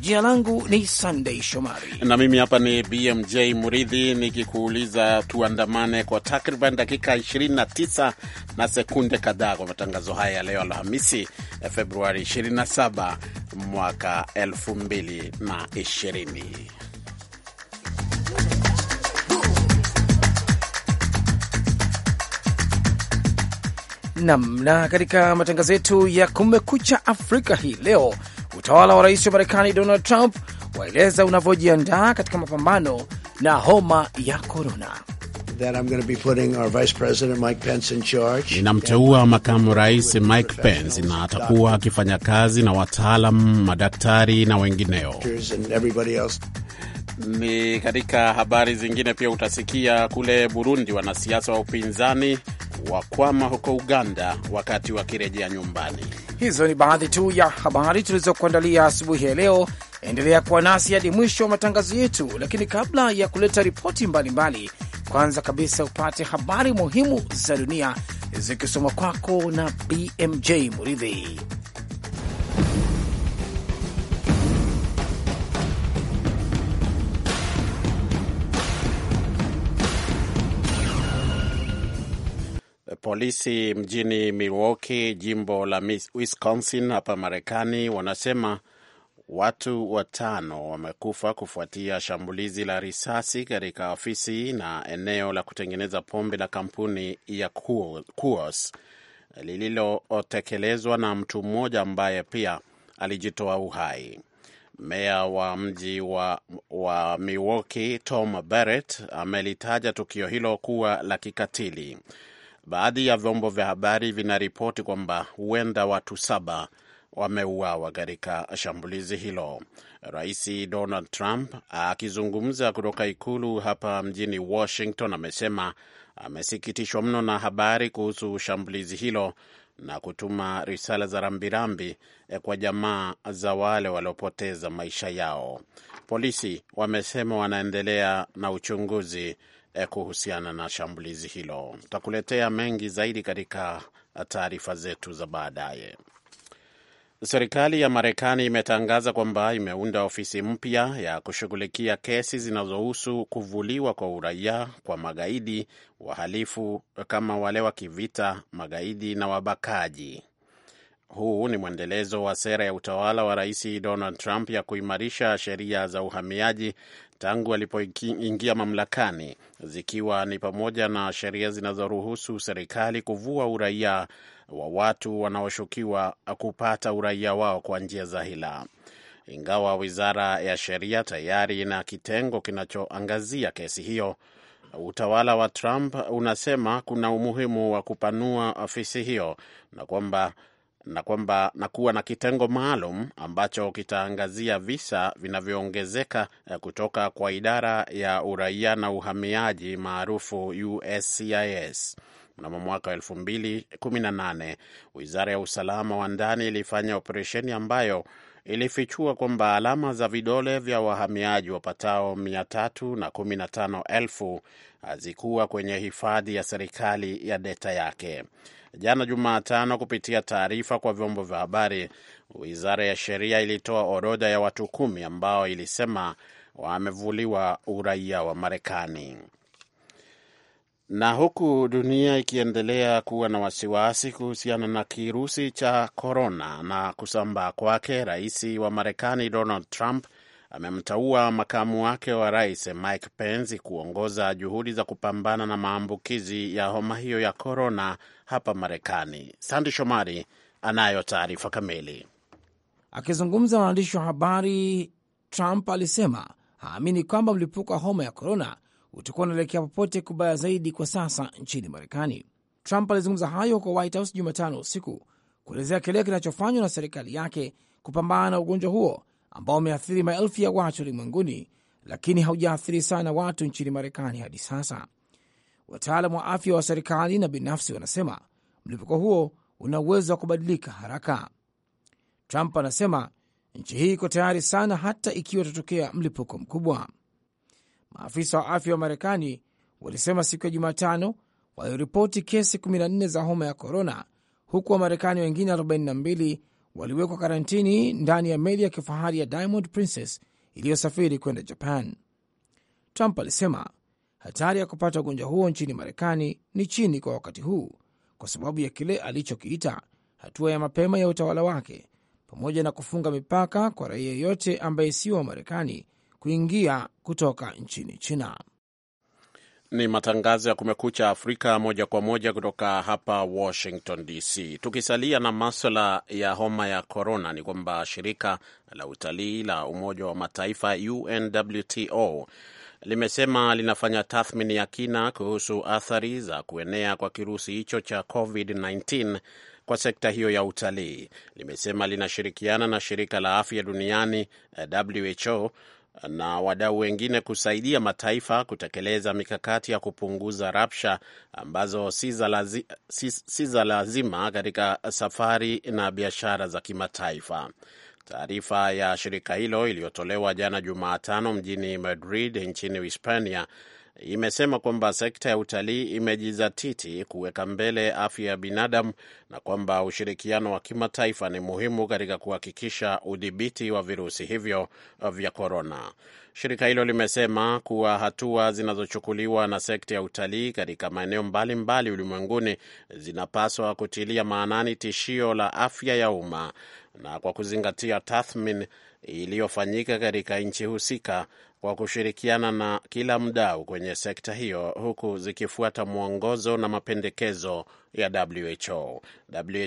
Jina langu ni Sunday Shomari na mimi hapa ni BMJ Muridhi nikikuuliza tuandamane kwa takriban dakika 29 na sekunde kadhaa kwa matangazo haya ya leo Alhamisi, eh, Februari 27 mwaka 2020. Nam na katika matangazo yetu ya Kumekucha Afrika hii leo Utawala wa rais wa Marekani Donald Trump waeleza unavyojiandaa katika mapambano na homa ya korona. Ninamteua makamu rais Mike Pence na atakuwa akifanya kazi na wataalam, madaktari na wengineo. Ni katika habari zingine pia utasikia kule Burundi wanasiasa wa upinzani wakwama huko Uganda wakati wakirejea nyumbani. Hizo ni baadhi tu ya habari tulizokuandalia asubuhi ya leo. Endelea kuwa nasi hadi mwisho wa matangazo yetu, lakini kabla ya kuleta ripoti mbalimbali, kwanza kabisa upate habari muhimu za dunia zikisoma kwako na BMJ Muridhi. Polisi mjini Milwaukee, jimbo la Wisconsin hapa Marekani, wanasema watu watano wamekufa kufuatia shambulizi la risasi katika ofisi na eneo la kutengeneza pombe la kampuni ya Coors lililotekelezwa na mtu mmoja ambaye pia alijitoa uhai. Meya wa mji wa, wa Milwaukee Tom Barrett amelitaja tukio hilo kuwa la kikatili. Baadhi ya vyombo vya habari vinaripoti kwamba huenda watu saba wameuawa katika shambulizi hilo. Rais Donald Trump akizungumza kutoka ikulu hapa mjini Washington amesema amesikitishwa mno na habari kuhusu shambulizi hilo na kutuma risala za rambirambi eh, kwa jamaa za wale waliopoteza maisha yao. Polisi wamesema wanaendelea na uchunguzi Eh, kuhusiana na shambulizi hilo. Tutakuletea mengi zaidi katika taarifa zetu za baadaye. Serikali ya Marekani imetangaza kwamba imeunda ofisi mpya ya kushughulikia kesi zinazohusu kuvuliwa kwa uraia kwa magaidi, wahalifu kama wale wa kivita, magaidi na wabakaji. Huu ni mwendelezo wa sera ya utawala wa Rais Donald Trump ya kuimarisha sheria za uhamiaji tangu alipoingia mamlakani, zikiwa ni pamoja na sheria zinazoruhusu serikali kuvua uraia wa watu wanaoshukiwa kupata uraia wao kwa njia za hila. Ingawa wizara ya sheria tayari ina kitengo kinachoangazia kesi hiyo, utawala wa Trump unasema kuna umuhimu wa kupanua ofisi hiyo na kwamba na kwamba na kuwa na kitengo maalum ambacho kitaangazia visa vinavyoongezeka eh, kutoka kwa idara ya uraia na uhamiaji maarufu USCIS. Mnamo mwaka 2018 wizara ya usalama wa ndani ilifanya operesheni ambayo ilifichua kwamba alama za vidole vya wahamiaji wapatao 315,000 hazikuwa kwenye hifadhi ya serikali ya deta yake. Jana Jumatano, kupitia taarifa kwa vyombo vya habari, wizara ya sheria ilitoa orodha ya watu kumi ambao ilisema wamevuliwa uraia wa Marekani. Na huku dunia ikiendelea kuwa na wasiwasi kuhusiana na kirusi cha korona na kusambaa kwake, rais wa Marekani Donald Trump amemteua makamu wake wa rais Mike Pence kuongoza juhudi za kupambana na maambukizi ya homa hiyo ya korona hapa Marekani. Sandi Shomari anayo taarifa kamili. Akizungumza na waandishi wa habari, Trump alisema haamini kwamba mlipuko wa homa ya korona utakuwa unaelekea popote kubaya zaidi kwa sasa nchini Marekani. Trump alizungumza hayo kwa White House Jumatano usiku kuelezea kile kinachofanywa na serikali yake kupambana na ugonjwa huo ambao umeathiri maelfu ya watu ulimwenguni, lakini haujaathiri sana watu nchini Marekani hadi sasa wataalam wa afya wa serikali na binafsi wanasema mlipuko huo una uwezo wa kubadilika haraka. Trump anasema nchi hii iko tayari sana, hata ikiwa itatokea mlipuko mkubwa. Maafisa wa afya wa Marekani walisema siku ya Jumatano waliripoti kesi 14 za homa ya korona, huku Wamarekani wengine 42 waliwekwa karantini ndani ya meli ya kifahari ya Diamond Princess iliyosafiri kwenda Japan. Trump alisema hatari ya kupata ugonjwa huo nchini Marekani ni chini kwa wakati huu kwa sababu ya kile alichokiita hatua ya mapema ya utawala wake pamoja na kufunga mipaka kwa raia yeyote ambaye sio wa Marekani kuingia kutoka nchini China. Ni matangazo ya Kumekucha Afrika moja kwa moja kutoka hapa Washington DC. Tukisalia na maswala ya homa ya korona, ni kwamba shirika la utalii la Umoja wa Mataifa, UNWTO, limesema linafanya tathmini ya kina kuhusu athari za kuenea kwa kirusi hicho cha COVID-19 kwa sekta hiyo ya utalii. Limesema linashirikiana na shirika la afya duniani WHO na wadau wengine kusaidia mataifa kutekeleza mikakati ya kupunguza rapsha ambazo si za lazi, si, si lazima katika safari na biashara za kimataifa. Taarifa ya shirika hilo iliyotolewa jana Jumatano mjini Madrid nchini Hispania imesema kwamba sekta ya utalii imejizatiti kuweka mbele afya ya binadamu na kwamba ushirikiano wa kimataifa ni muhimu katika kuhakikisha udhibiti wa virusi hivyo vya korona. Shirika hilo limesema kuwa hatua zinazochukuliwa na sekta ya utalii katika maeneo mbalimbali ulimwenguni zinapaswa kutilia maanani tishio la afya ya umma na kwa kuzingatia tathmini iliyofanyika katika nchi husika kwa kushirikiana na kila mdau kwenye sekta hiyo, huku zikifuata mwongozo na mapendekezo ya WHO.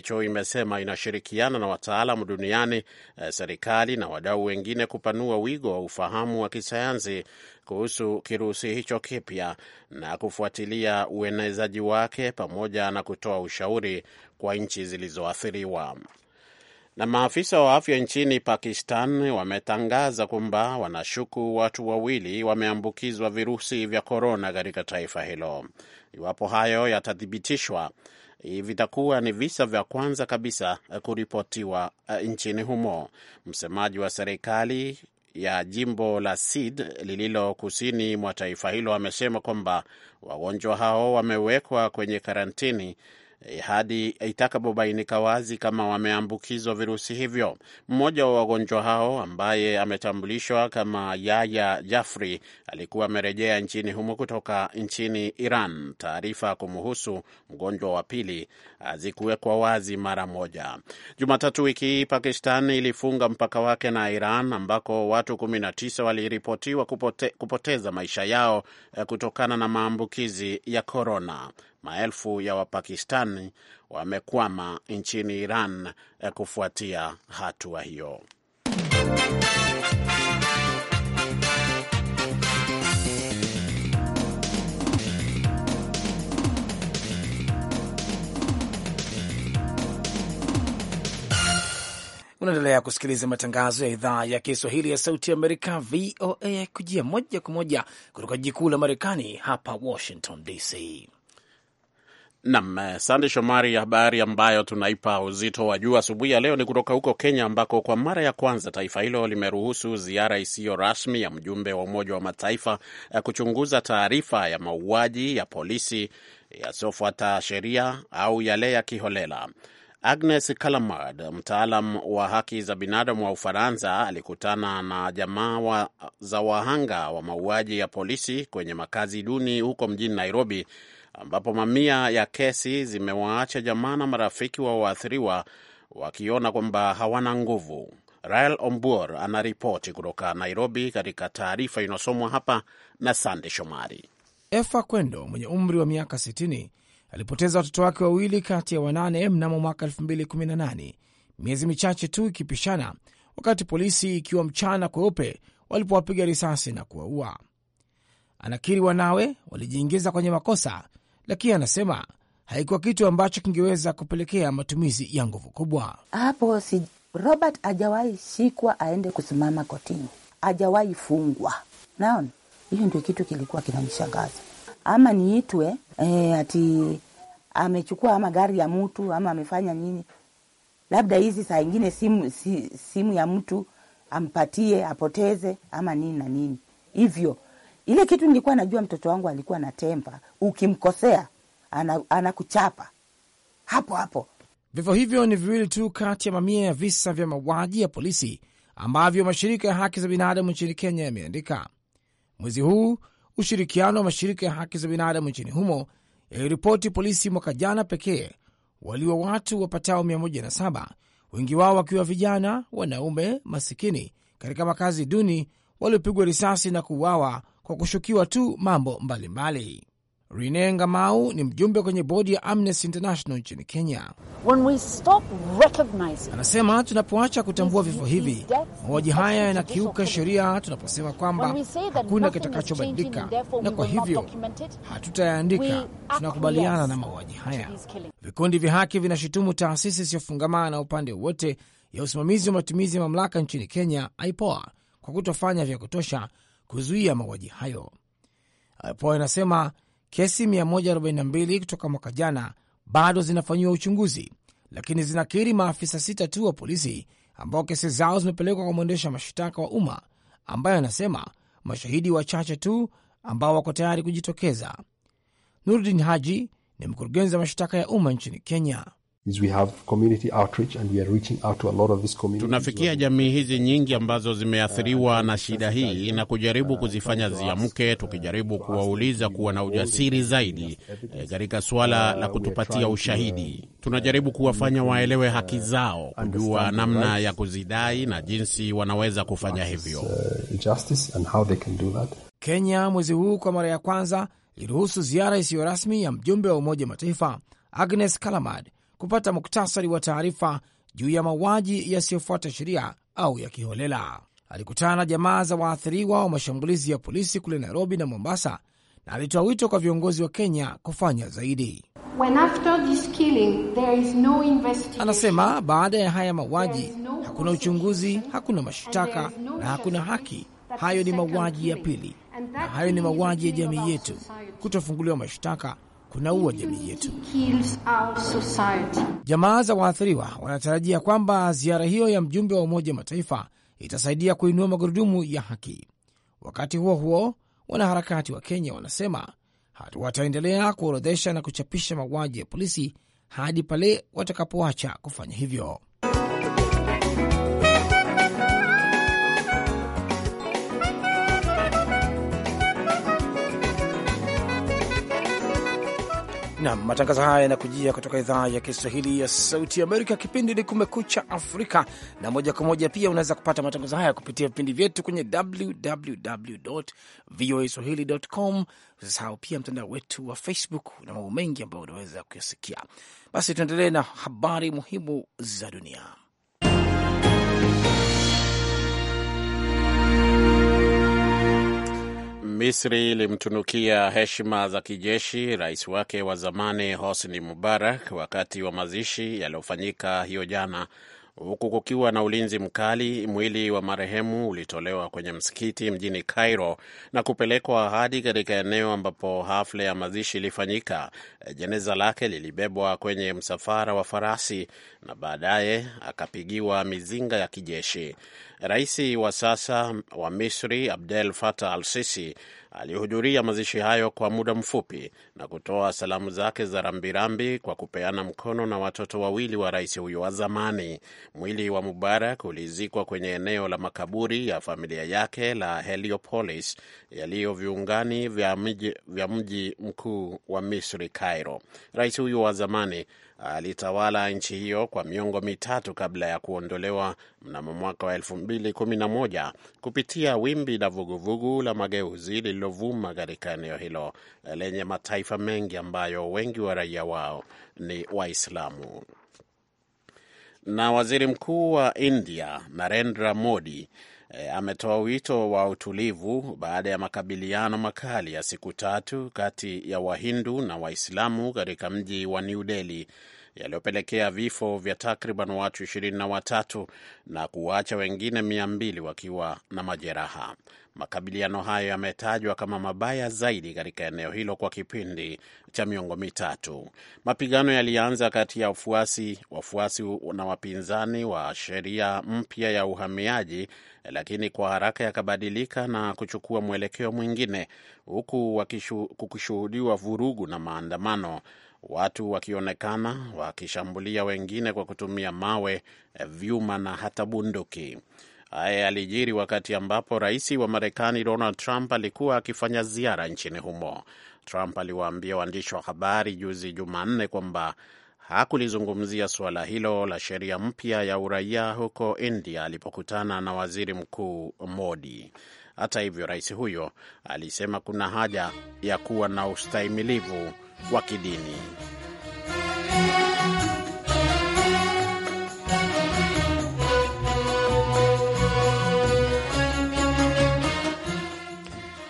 WHO imesema inashirikiana na wataalamu duniani, eh, serikali na wadau wengine kupanua wigo wa ufahamu wa kisayansi kuhusu kirusi hicho kipya na kufuatilia uenezaji wake pamoja na kutoa ushauri kwa nchi zilizoathiriwa. Na maafisa wa afya nchini Pakistan wametangaza kwamba wanashuku watu wawili wameambukizwa virusi vya korona katika taifa hilo. Iwapo hayo yatathibitishwa, vitakuwa ni visa vya kwanza kabisa kuripotiwa eh, nchini humo. Msemaji wa serikali ya jimbo la Sid lililo kusini mwa taifa hilo amesema kwamba wagonjwa hao wamewekwa kwenye karantini Eh, hadi itakapobainika wazi kama wameambukizwa virusi hivyo. Mmoja wa wagonjwa hao ambaye ametambulishwa kama Yaya Jafri alikuwa amerejea nchini humo kutoka nchini Iran. Taarifa kumuhusu mgonjwa wa pili hazikuwekwa wazi mara moja. Jumatatu wiki hii Pakistan ilifunga mpaka wake na Iran ambako watu 19 waliripotiwa kupote, kupoteza maisha yao eh, kutokana na maambukizi ya korona maelfu ya Wapakistani wamekwama nchini Iran eh, kufuatia hatua hiyo. Unaendelea kusikiliza matangazo ya idhaa ya Kiswahili ya Sauti ya Amerika, VOA, kujia moja kwa moja kutoka jikuu la Marekani hapa Washington DC. Nam eh, Sande Shomari, habari ambayo tunaipa uzito wa juu asubuhi ya leo ni kutoka huko Kenya, ambako kwa mara ya kwanza taifa hilo limeruhusu ziara isiyo rasmi ya mjumbe wa Umoja wa Mataifa eh, kuchunguza taarifa ya mauaji ya polisi yasiyofuata sheria au yale ya kiholela. Agnes Callamard, mtaalam wa haki za binadamu wa Ufaransa, alikutana na jamaa wa za wahanga wa mauaji ya polisi kwenye makazi duni huko mjini Nairobi ambapo mamia ya kesi zimewaacha jamaa na marafiki wa waathiriwa wakiona kwamba hawana nguvu. Rael Ombor anaripoti kutoka Nairobi, katika taarifa inayosomwa hapa na Sande Shomari. Efa Kwendo mwenye umri wa miaka 60 alipoteza watoto wake wawili kati ya wanane mnamo mwaka 2018 miezi michache tu ikipishana, wakati polisi ikiwa mchana kweupe walipowapiga risasi na kuwaua. Anakiri wanawe walijiingiza kwenye makosa lakini anasema haikuwa kitu ambacho kingeweza kupelekea matumizi ya nguvu kubwa. Hapo si Robert ajawahi shikwa aende kusimama kotini, ajawahi fungwa. Naona hiyo ndio kitu kilikuwa kinamshangaza, ama niitwe eh, ati amechukua ama gari ya mtu ama amefanya nini, labda hizi saa ingine simu, si, simu ya mtu ampatie apoteze ama nini na nini hivyo ile kitu nilikuwa najua mtoto wangu alikuwa na tempa, ukimkosea anakuchapa ana hapo hapo. Vifo hivyo ni viwili tu kati ya mamia ya visa vya mauaji ya polisi ambavyo mashirika ya haki za binadamu nchini Kenya yameandika mwezi huu. Ushirikiano wa mashirika ya haki za binadamu nchini humo yaliripoti polisi mwaka jana pekee waliwa watu wapatao 107 wengi wao wakiwa vijana, wanaume masikini katika makazi duni waliopigwa risasi na kuuawa kwa kushukiwa tu mambo mbalimbali. Rene Ngamau ni mjumbe kwenye bodi ya Amnesty International nchini Kenya. Anasema tunapoacha kutambua vifo hivi, mauaji haya yanakiuka sheria, tunaposema kwamba hakuna kitakachobadilika na kwa hivyo hatutayaandika, tunakubaliana na mauaji haya. Vikundi vya haki vinashutumu taasisi isiyofungamana na upande wowote ya usimamizi wa matumizi ya mamlaka nchini Kenya, IPOA, kwa kutofanya vya kutosha kuzuia mauaji hayo. po anasema kesi 142 kutoka mwaka jana bado zinafanyiwa uchunguzi, lakini zinakiri maafisa sita tu wa polisi ambao kesi zao zimepelekwa kwa mwendesha mashtaka wa umma ambaye anasema mashahidi wachache tu ambao wako tayari kujitokeza. Nurdin Haji ni mkurugenzi wa mashtaka ya umma nchini Kenya. Is we have community outreach and we are reaching out to a lot of Tunafikia jamii hizi nyingi ambazo zimeathiriwa uh, na shida hii na kujaribu kuzifanya ziamke, tukijaribu kuwauliza kuwa na ujasiri zaidi eh, katika suala la kutupatia ushahidi. Tunajaribu kuwafanya waelewe haki zao, kujua namna ya kuzidai na jinsi wanaweza kufanya hivyo. Uh, Kenya mwezi huu kwa mara ya kwanza iliruhusu ziara isiyo rasmi ya mjumbe wa Umoja Mataifa Agnes Kalamad kupata muktasari wa taarifa juu ya mauaji yasiyofuata sheria au ya kiholela. Alikutana na jamaa za waathiriwa wa mashambulizi ya polisi kule Nairobi na Mombasa, na alitoa wito kwa viongozi wa Kenya kufanya zaidi. When after this killing, there is no investigation. Anasema baada ya haya mauaji no, hakuna uchunguzi, hakuna mashitaka no na hakuna haki. Hayo ni mauaji ya pili, na hayo ni mauaji ya jamii yetu. Kutofunguliwa mashtaka kunaua jamii yetu. Jamaa za waathiriwa wanatarajia kwamba ziara hiyo ya mjumbe wa Umoja wa Mataifa itasaidia kuinua magurudumu ya haki. Wakati huo huo, wanaharakati wa Kenya wanasema wataendelea kuorodhesha na kuchapisha mauaji ya polisi hadi pale watakapoacha kufanya hivyo. Nam, matangazo haya yanakujia kutoka idhaa ya Kiswahili ya Sauti ya Amerika. Kipindi ni Kumekucha Afrika, na moja kwa moja pia unaweza kupata matangazo haya kupitia vipindi vyetu kwenye www voa swahili.com. Usisahau pia mtandao wetu wa Facebook na mambo mengi ambayo unaweza kuyasikia. Basi tuendelee na habari muhimu za dunia. Misri ilimtunukia heshima za kijeshi rais wake wa zamani Hosni Mubarak wakati wa mazishi yaliyofanyika hiyo jana, huku kukiwa na ulinzi mkali. Mwili wa marehemu ulitolewa kwenye msikiti mjini Cairo na kupelekwa hadi katika eneo ambapo hafla ya mazishi ilifanyika. Jeneza lake lilibebwa kwenye msafara wa farasi na baadaye akapigiwa mizinga ya kijeshi. Rais wa sasa wa Misri Abdel Fattah al-Sisi alihudhuria mazishi hayo kwa muda mfupi na kutoa salamu zake za rambirambi kwa kupeana mkono na watoto wawili wa rais huyo wa zamani. Mwili wa Mubarak ulizikwa kwenye eneo la makaburi ya familia yake la Heliopolis yaliyo viungani vya mji mkuu wa Misri, Cairo. Rais huyo wa zamani alitawala nchi hiyo kwa miongo mitatu kabla ya kuondolewa mnamo mwaka wa 2011 kupitia wimbi la vuguvugu la mageuzi lililovuma katika eneo hilo lenye mataifa mengi ambayo wengi wa raia wao ni Waislamu. Na waziri mkuu wa India Narendra Modi e, ametoa wito wa utulivu baada ya makabiliano makali ya siku tatu kati ya Wahindu na Waislamu katika mji wa New Delhi yaliyopelekea vifo vya takriban watu ishirini na watatu na kuwaacha wengine mia mbili wakiwa na majeraha. Makabiliano hayo yametajwa kama mabaya zaidi katika eneo hilo kwa kipindi cha miongo mitatu. Mapigano yalianza kati ya wafuasi wafuasi na wapinzani wa sheria mpya ya uhamiaji, lakini kwa haraka yakabadilika na kuchukua mwelekeo mwingine, huku kukishuhudiwa vurugu na maandamano, watu wakionekana wakishambulia wengine kwa kutumia mawe, eh, vyuma na hata bunduki. Haya yalijiri wakati ambapo rais wa Marekani Donald Trump alikuwa akifanya ziara nchini humo. Trump aliwaambia waandishi wa habari juzi Jumanne kwamba hakulizungumzia suala hilo la sheria mpya ya uraia huko India alipokutana na waziri mkuu Modi. Hata hivyo, rais huyo alisema kuna haja ya kuwa na ustahimilivu wa kidini.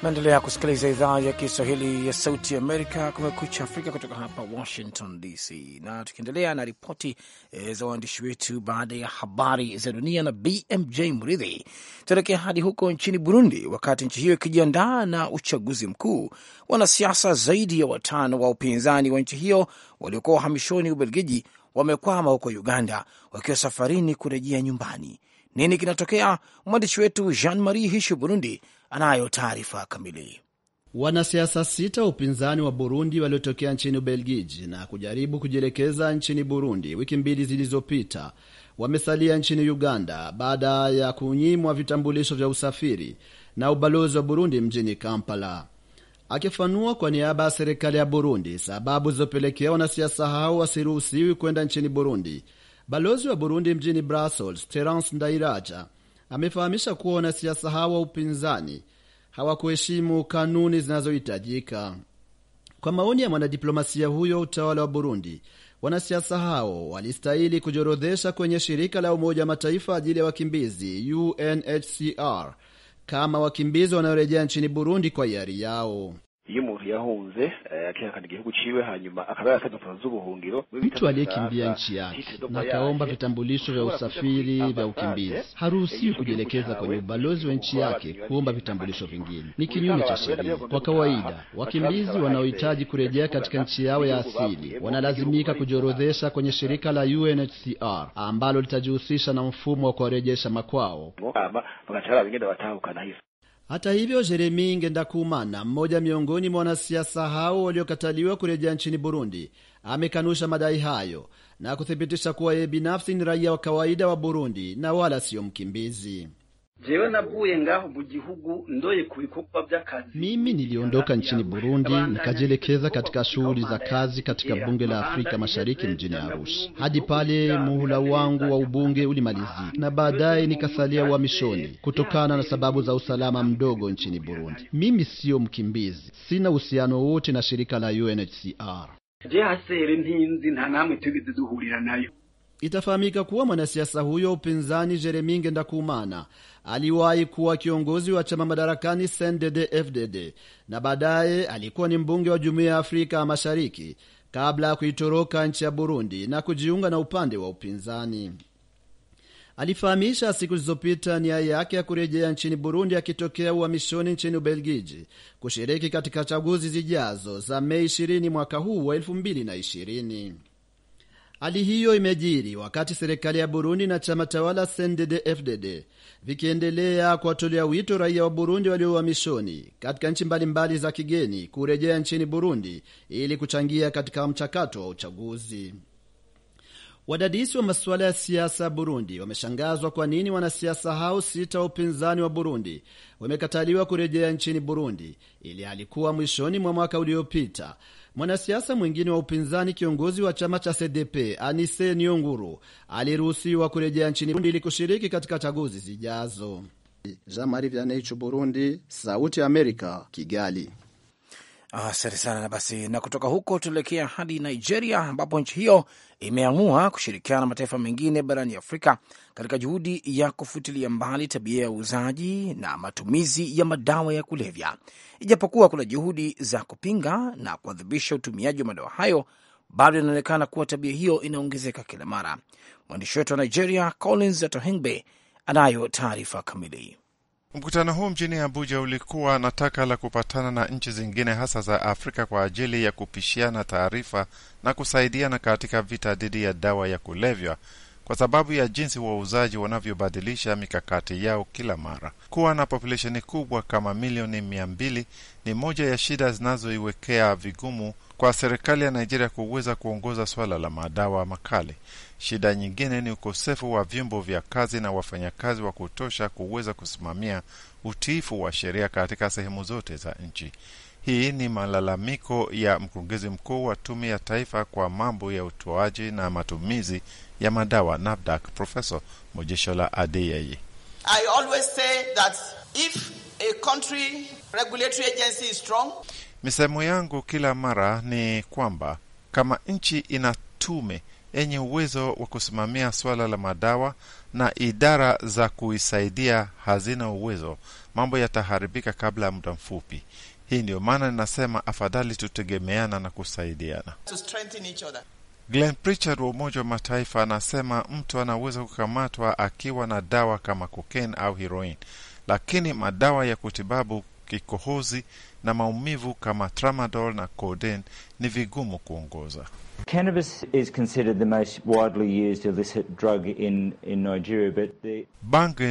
Naendelea kusikiliza idhaa ya Kiswahili ya Sauti Amerika, Kumekucha Afrika, kutoka hapa Washington DC. Na tukiendelea na ripoti e, za waandishi wetu baada ya habari za dunia na BMJ Mridhi, tuelekea hadi huko nchini Burundi. Wakati nchi hiyo ikijiandaa na uchaguzi mkuu, wanasiasa zaidi ya watano wa upinzani wa nchi hiyo waliokuwa wahamishoni Ubelgiji wamekwama huko Uganda, wakiwa safarini kurejea nyumbani. Nini kinatokea? Mwandishi wetu Jean Marie Hishu Burundi anayo taarifa kamili. Wanasiasa sita wa upinzani wa Burundi waliotokea nchini Ubelgiji na kujaribu kujielekeza nchini Burundi wiki mbili zilizopita wamesalia nchini Uganda baada ya kunyimwa vitambulisho vya usafiri na ubalozi wa Burundi mjini Kampala. Akifanua kwa niaba ya serikali ya Burundi sababu zilizopelekea wanasiasa hao wasiruhusiwi kwenda nchini Burundi, balozi wa Burundi mjini Brussels Terence Ndairaja amefahamisha kuwa wanasiasa hawa upinzani hawakuheshimu kanuni zinazohitajika. Kwa maoni ya mwanadiplomasia huyo, utawala wa Burundi, wanasiasa hao walistahili kujiorodhesha kwenye shirika la Umoja wa Mataifa ajili ya wakimbizi UNHCR kama wakimbizi wanaorejea nchini Burundi kwa hiari yao yahunze eh, akihakana igihugu ciwe akabaya akaba yaratajwa hongiro Mtu aliyekimbia nchi yake na kaomba eh, vitambulisho vya usafiri vya ukimbizi eh, haruhusiwi kujielekeza kwenye ubalozi wa nchi yake kuomba vitambulisho vingine, ni kinyume cha sheria. Kwa kawaida wakimbizi wanaohitaji kurejea katika nchi yao ya asili wanalazimika kujiorodhesha kwenye shirika la UNHCR ambalo litajihusisha na mfumo wa kuwarejesha makwao. Hata hivyo, Jeremi Ngendakumana, mmoja miongoni mwa wanasiasa hao waliokataliwa kurejea nchini Burundi, amekanusha madai hayo na kuthibitisha kuwa yeye binafsi ni raia wa kawaida wa Burundi na wala siyo mkimbizi. Jewe navuye ngaho mu ndoye ku bikorwa Mimi niliondoka nchini Burundi nikajielekeza katika shughuli za kazi katika bunge la Afrika Mashariki mjini Arusha hadi pale muhula wangu wa ubunge ulimalizika, na baadaye nikasalia uhamishoni kutokana na sababu za usalama mdogo nchini Burundi. Mimi siyo mkimbizi, sina uhusiano wote na shirika la UNHCR. Je hasere ntinzi nta namwe tugeze duhurira nayo Itafahamika kuwa mwanasiasa huyo upinzani jeremi Ndakumana aliwahi kuwa kiongozi wa chama madarakani CNDD-FDD na baadaye alikuwa ni mbunge wa Jumuiya ya Afrika ya Mashariki kabla ya kuitoroka nchi ya Burundi na kujiunga na upande wa upinzani. Alifahamisha siku zilizopita nia yake ya kurejea nchini Burundi akitokea uhamishoni nchini Ubelgiji kushiriki katika chaguzi zijazo za Mei 20 mwaka huu wa 2020. Hali hiyo imejiri wakati serikali ya Burundi na chama tawala CNDD-FDD vikiendelea kuwatolea wito raia wa Burundi walio uhamishoni katika nchi mbalimbali za kigeni kurejea nchini Burundi ili kuchangia katika mchakato wa uchaguzi. Wadadisi wa masuala ya siasa ya Burundi wameshangazwa kwa nini wanasiasa hao sita wa upinzani wa Burundi wamekataliwa kurejea nchini Burundi ili alikuwa mwishoni mwa mwaka uliopita Mwanasiasa mwingine wa upinzani, kiongozi wa chama cha CDP Anise Nionguru, aliruhusiwa kurejea nchini Burundi ili kushiriki katika chaguzi zijazo. Jean-Marie Vianney, Burundi, Sauti ya Amerika, Kigali. Asante ah, sana. Basi na kutoka huko tunaelekea hadi Nigeria, ambapo nchi hiyo imeamua kushirikiana na mataifa mengine barani Afrika katika juhudi ya kufutilia mbali tabia ya uuzaji na matumizi ya madawa ya kulevya. Ijapokuwa kuna juhudi za kupinga na kuadhibisha utumiaji wa madawa hayo, bado inaonekana kuwa tabia hiyo inaongezeka kila mara. Mwandishi wetu wa Nigeria, Collins Atohengbe, anayo taarifa kamili. Mkutano huu mjini Abuja ulikuwa na taka la kupatana na nchi zingine hasa za Afrika kwa ajili ya kupishiana taarifa na kusaidiana katika vita dhidi ya dawa ya kulevya kwa sababu ya jinsi wauzaji wanavyobadilisha mikakati yao kila mara. Kuwa na populesheni kubwa kama milioni mia mbili ni moja ya shida zinazoiwekea vigumu kwa serikali ya Nigeria kuweza kuongoza swala la madawa makali. Shida nyingine ni ukosefu wa vyombo vya kazi na wafanyakazi wa kutosha kuweza kusimamia utiifu wa sheria katika sehemu zote za nchi. Hii ni malalamiko ya mkurugenzi mkuu wa Tume ya Taifa kwa mambo ya utoaji na matumizi ya madawa NAFDAC, Profesa Mojeshola Adeyeye. I always say that if a country regulatory agency is strong. Misemo yangu kila mara ni kwamba kama nchi ina tume yenye uwezo wa kusimamia swala la madawa na idara za kuisaidia hazina uwezo, mambo yataharibika kabla ya muda mfupi. Hii ndiyo maana ninasema afadhali tutegemeana na kusaidiana. Glenn Pritchard wa Umoja wa Mataifa anasema mtu anaweza kukamatwa akiwa na dawa kama cocaine au heroin, lakini madawa ya kutibabu kikohozi na maumivu kama tramadol na codeine ni vigumu kuongoza. Cannabis is considered the most widely used illicit drug in, in Nigeria, but the...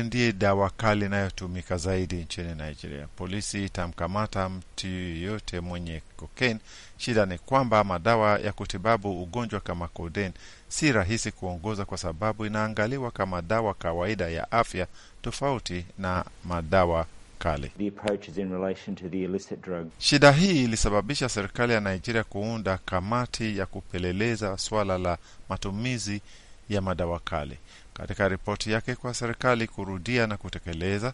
ndiye dawa kali inayotumika zaidi nchini Nigeria. Polisi itamkamata mtu yoyote mwenye cocaine. Shida ni kwamba madawa ya kutibabu ugonjwa kama codeine si rahisi kuongoza kwa sababu inaangaliwa kama dawa kawaida ya afya tofauti na madawa serikali. Shida hii ilisababisha serikali ya Nigeria kuunda kamati ya kupeleleza swala la matumizi ya madawa kali. Katika ripoti yake kwa serikali kurudia na kutekeleza,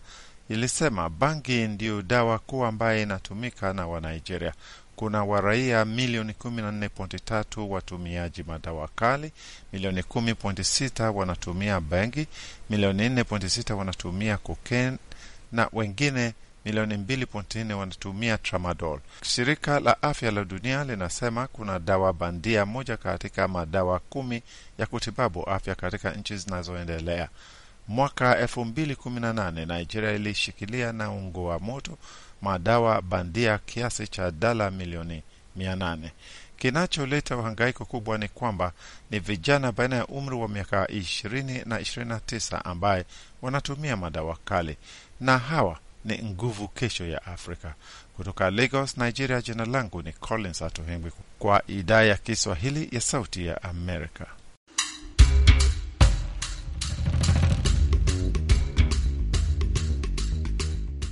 ilisema bangi ndiyo dawa kuu ambaye inatumika na Wanigeria. Kuna waraia milioni 14.3 watumiaji madawa kali, milioni 10.6 wanatumia bangi, milioni 4.6 wanatumia cocaine na wengine milioni 2.4 wanatumia tramadol. Shirika la Afya la Dunia linasema kuna dawa bandia moja katika madawa kumi ya kutibabu afya katika nchi zinazoendelea. Mwaka 2018 Nigeria ilishikilia na ungo wa moto madawa bandia kiasi cha dala milioni 800. Kinacholeta uhangaiko kubwa ni kwamba ni vijana baina ya umri wa miaka 2 na 29 ambaye wanatumia madawa kali, na hawa ni nguvu kesho ya Afrika. Kutoka Lagos, Nigeria, jina langu ni Collins Atohengwi, kwa idaa ya Kiswahili ya Sauti ya Amerika.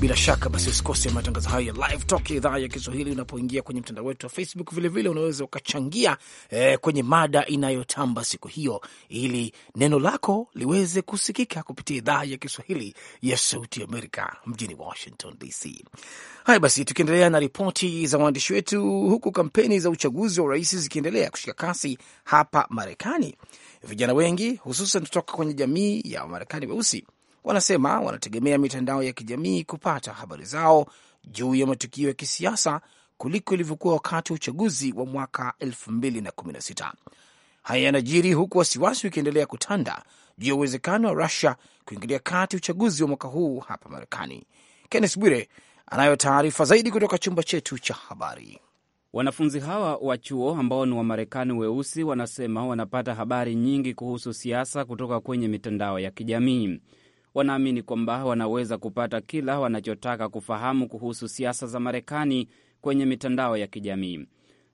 Bila shaka basi usikose matangazo hayo ya Live Talk ya idhaa ya Kiswahili unapoingia kwenye mtandao wetu wa Facebook. Vilevile unaweza ukachangia eh, kwenye mada inayotamba siku hiyo, ili neno lako liweze kusikika kupitia idhaa ya Kiswahili ya Sauti Amerika mjini Washington DC. Haya basi, tukiendelea na ripoti za waandishi wetu, huku kampeni za uchaguzi wa urais zikiendelea kushika kasi hapa Marekani, vijana wengi hususan kutoka kwenye jamii ya Wamarekani weusi wanasema wanategemea mitandao ya kijamii kupata habari zao juu ya matukio ya kisiasa kuliko ilivyokuwa wakati wa uchaguzi wa mwaka 2016. Haya yanajiri huku wasiwasi ukiendelea kutanda juu ya uwezekano wa Rusia kuingilia kati uchaguzi wa mwaka huu hapa Marekani. Kennes Bwire anayo taarifa zaidi kutoka chumba chetu cha habari. Wanafunzi hawa wa chuo ambao ni Wamarekani weusi wanasema wanapata habari nyingi kuhusu siasa kutoka kwenye mitandao ya kijamii wanaamini kwamba wanaweza kupata kila wanachotaka kufahamu kuhusu siasa za Marekani kwenye mitandao ya kijamii.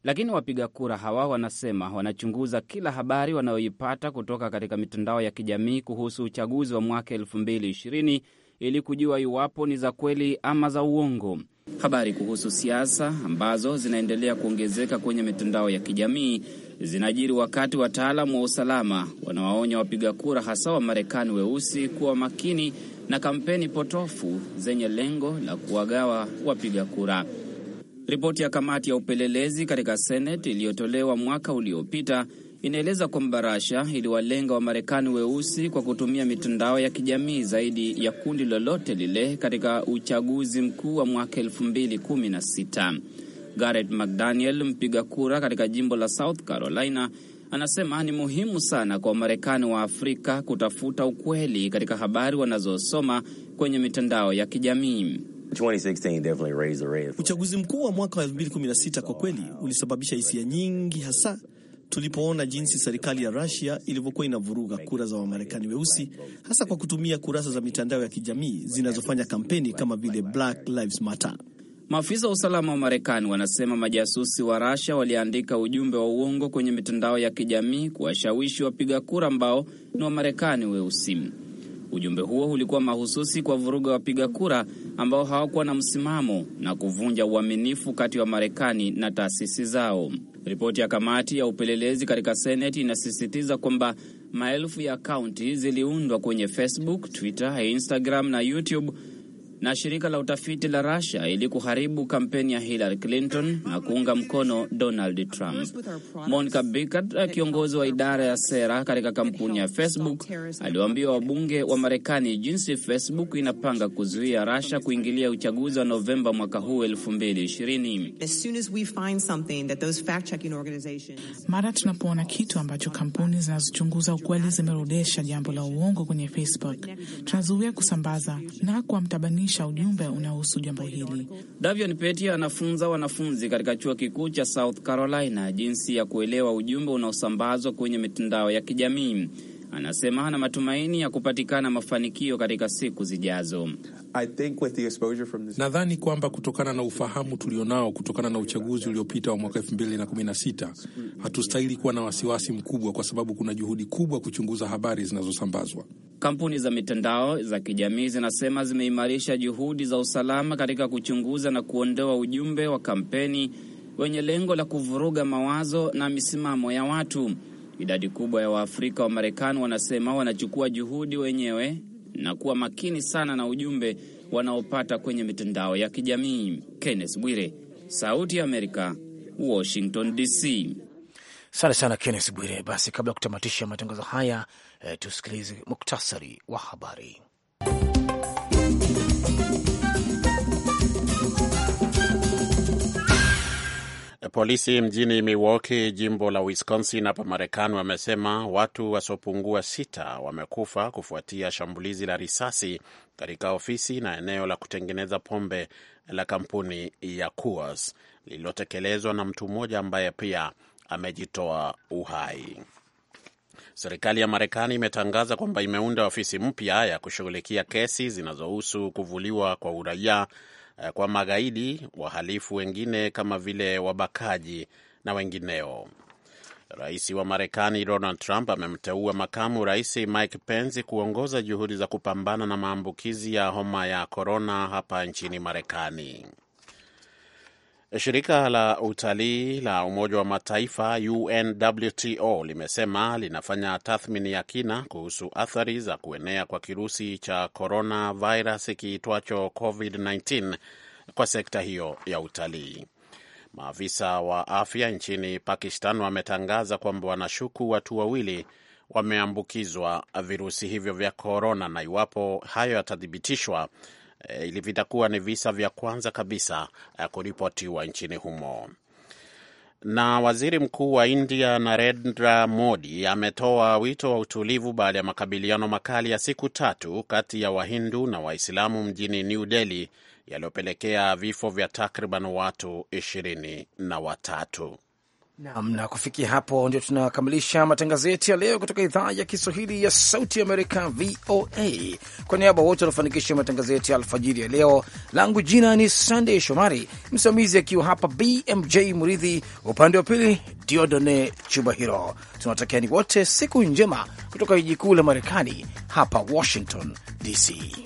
Lakini wapiga kura hawa wanasema wanachunguza kila habari wanayoipata kutoka katika mitandao ya kijamii kuhusu uchaguzi wa mwaka 2020 ili kujua iwapo ni za kweli ama za uongo. Habari kuhusu siasa ambazo zinaendelea kuongezeka kwenye mitandao ya kijamii zinajiri wakati wataalam wa usalama wanawaonya wapiga kura hasa wa Marekani weusi kuwa makini na kampeni potofu zenye lengo la kuwagawa wapiga kura. Ripoti ya kamati ya upelelezi katika Seneti iliyotolewa mwaka uliopita inaeleza kwamba Rasha iliwalenga Wamarekani weusi kwa kutumia mitandao ya kijamii zaidi ya kundi lolote lile katika uchaguzi mkuu wa mwaka 216 garet McDaniel, mpiga kura katika jimbo la South Carolina, anasema ni muhimu sana kwa Wamarekani wa Afrika kutafuta ukweli katika habari wanazosoma kwenye mitandao ya kijamii. 2016 definitely raised the red. Uchaguzi mkuu wa mwaka wa 2016 kwa kweli ulisababisha hisia nyingi hasa tulipoona jinsi serikali ya Russia ilivyokuwa inavuruga kura za Wamarekani weusi hasa kwa kutumia kurasa za mitandao ya kijamii zinazofanya kampeni kama vile Black Lives Matter. Maafisa wa usalama wa Marekani wanasema majasusi wa Rasha waliandika ujumbe wa uongo kwenye mitandao ya kijamii kuwashawishi wapiga kura ambao ni Wamarekani weusi. Ujumbe huo ulikuwa mahususi kwa vuruga wapiga kura ambao hawakuwa na msimamo na kuvunja uaminifu kati ya marekani na taasisi zao. Ripoti ya kamati ya upelelezi katika Seneti inasisitiza kwamba maelfu ya akaunti ziliundwa kwenye Facebook, Twitter, Instagram na YouTube na shirika la utafiti la Russia ili kuharibu kampeni ya Hillary Clinton na kuunga mkono Donald Trump. Monica Bickert, kiongozi wa idara ya sera katika kampuni ya Facebook, aliwaambia wabunge wa Marekani jinsi Facebook inapanga kuzuia Russia kuingilia uchaguzi wa Novemba mwaka huu 2020. Mara tunapoona kitu ambacho kampuni zinazochunguza ukweli zimerudisha jambo la uongo kwenye Facebook, tunazuia kusambaza na kuwamtabanisha kuchapisha ujumbe unaohusu jambo hili. Davion Peti anafunza wanafunzi katika chuo kikuu cha South Carolina jinsi ya kuelewa ujumbe unaosambazwa kwenye mitandao ya kijamii anasema ana matumaini ya kupatikana mafanikio katika siku zijazo. Nadhani kwamba kutokana na ufahamu tulionao kutokana na uchaguzi uliopita wa mwaka sita hatustahili kuwa na wasiwasi mkubwa, kwa sababu kuna juhudi kubwa kuchunguza habari zinazosambazwa. Kampuni za mitandao za kijamii zinasema zimeimarisha juhudi za usalama katika kuchunguza na kuondoa ujumbe wa kampeni wenye lengo la kuvuruga mawazo na misimamo ya watu. Idadi kubwa ya Waafrika wa Marekani wanasema wanachukua juhudi wenyewe na kuwa makini sana na ujumbe wanaopata kwenye mitandao ya kijamii. Kenneth Bwire, Sauti ya Amerika, Washington DC. Asante sana Kenneth Bwire. Basi kabla ya kutamatisha matangazo haya eh, tusikilize muktasari wa habari. Polisi mjini Milwaukee, jimbo la Wisconsin hapa Marekani, wamesema watu wasiopungua sita wamekufa kufuatia shambulizi la risasi katika ofisi na eneo la kutengeneza pombe la kampuni ya Coors lililotekelezwa na mtu mmoja ambaye pia amejitoa uhai. Serikali ya Marekani imetangaza kwamba imeunda ofisi mpya ya kushughulikia kesi zinazohusu kuvuliwa kwa uraia Eh, kwa magaidi, wahalifu wengine kama vile wabakaji na wengineo. Rais wa Marekani Donald Trump amemteua makamu rais Mike Pence kuongoza juhudi za kupambana na maambukizi ya homa ya korona hapa nchini Marekani. Shirika la utalii la Umoja wa Mataifa UNWTO limesema linafanya tathmini ya kina kuhusu athari za kuenea kwa kirusi cha coronavirus kiitwacho COVID-19 kwa sekta hiyo ya utalii. Maafisa wa afya nchini Pakistan wametangaza kwamba wanashuku watu wawili wameambukizwa virusi hivyo vya korona, na iwapo hayo yatathibitishwa Eh, vitakuwa ni visa vya kwanza kabisa eh, kuripotiwa nchini humo. Na waziri mkuu wa India Narendra Modi ametoa wito wa utulivu baada ya makabiliano makali ya siku tatu kati ya Wahindu na Waislamu mjini New Delhi yaliyopelekea vifo vya takriban watu ishirini na watatu. Nam, na kufikia hapo ndio tunakamilisha matangazo yetu ya leo kutoka idhaa ya Kiswahili ya Sauti Amerika, VOA. Kwa niaba wote wanafanikisha matangazo yetu ya alfajiri ya leo, langu jina ni Sandey Shomari, msimamizi akiwa hapa BMJ Muridhi, upande wa pili Diodone Chubahiro. ni wote siku njema kutoka jiji kuu la Marekani, hapa Washington DC.